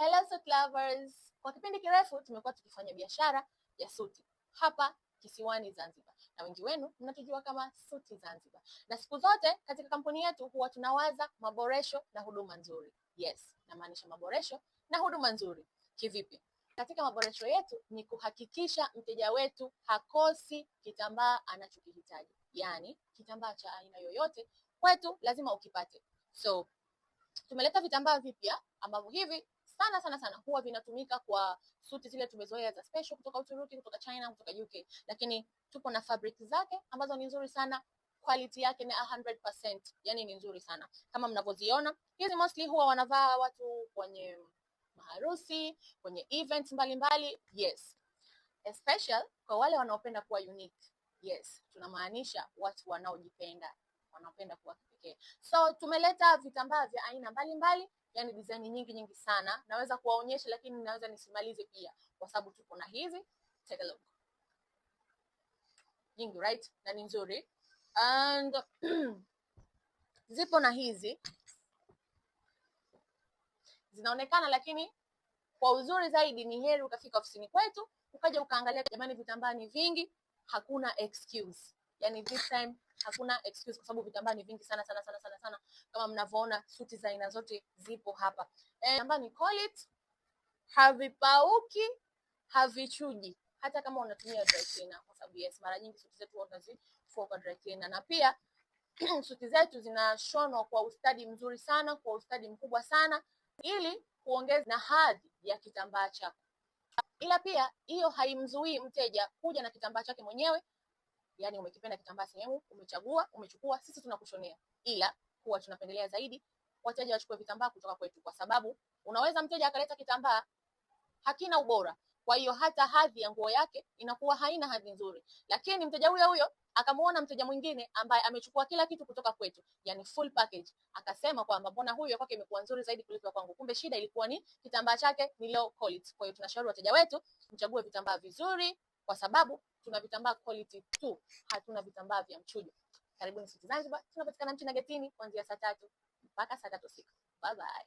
Hello Suit Lovers. Kwa kipindi kirefu tumekuwa tukifanya biashara ya suti hapa kisiwani Zanzibar, na wengi wenu mnatujua kama Suti Zanzibar, na siku zote katika kampuni yetu huwa tunawaza maboresho na huduma nzuri. Yes, namaanisha maboresho na huduma nzuri. Kivipi? Katika maboresho yetu ni kuhakikisha mteja wetu hakosi kitambaa anachokihitaji, yaani kitambaa cha aina yoyote kwetu lazima ukipate. So tumeleta vitambaa vipya ambavyo hivi sana sana sana huwa vinatumika kwa suti zile tumezoea za special kutoka Uturuki, kutoka China, kutoka UK, lakini tupo na fabric zake ambazo ni nzuri sana quality yake ni 100%, yani ni nzuri sana kama mnavyoziona hizi. Mostly huwa wanavaa watu kwenye maharusi, kwenye events mbalimbali mbali. Yes, especially kwa wale wanaopenda kuwa unique. Yes, tunamaanisha watu wanaojipenda, wanaopenda kuwa kipekee. So tumeleta vitambaa vya aina mbalimbali mbali yani design nyingi nyingi sana, naweza kuwaonyesha lakini naweza nisimalize pia, kwa sababu tuko na hizi, take a look nyingi right, na ni nzuri and zipo na hizi zinaonekana, lakini kwa uzuri zaidi ni heri ukafika ofisini kwetu ukaja ukaangalia. Jamani, vitambaa ni vingi, hakuna excuse. Yani this time hakuna excuse kwa sababu vitambaa ni vingi sana sana sana sana sana, kama mnavyoona suti za aina zote zipo hapa eh, vitambaa ni it havipauki havichuji, hata kama unatumia dry cleaner, kwa sababu yes, mara nyingi suti zetu tunazifua kwa dry cleaner na pia suti zetu zinashonwa kwa ustadi mzuri sana, kwa ustadi mkubwa sana, ili kuongeza na hadhi ya kitambaa chako. Ila pia hiyo haimzuii mteja kuja na kitambaa chake mwenyewe yani umekipenda kitambaa sehemu, umechagua, umechukua, sisi tunakushonea. Ila huwa tunapendelea zaidi wateja wachukue vitambaa kutoka kwetu, kwa sababu unaweza mteja akaleta kitambaa hakina ubora, kwa hiyo hata hadhi ya nguo yake inakuwa haina hadhi nzuri, lakini mteja huyo huyo akamuona mteja mwingine ambaye amechukua kila kitu kutoka kwetu, yani full package, akasema kwamba mbona huyu kwake imekuwa nzuri zaidi kuliko kwangu, kumbe shida ilikuwa ni kitambaa chake ni low quality. Kwa hiyo tunashauri wateja wetu mchague vitambaa vizuri, kwa sababu tuna vitambaa quality tu, hatuna vitambaa vya mchujo. Karibuni City Zanzibar, tunapatikana Mchina Getini kuanzia saa tatu mpaka saa tatu usiku. Bye bye.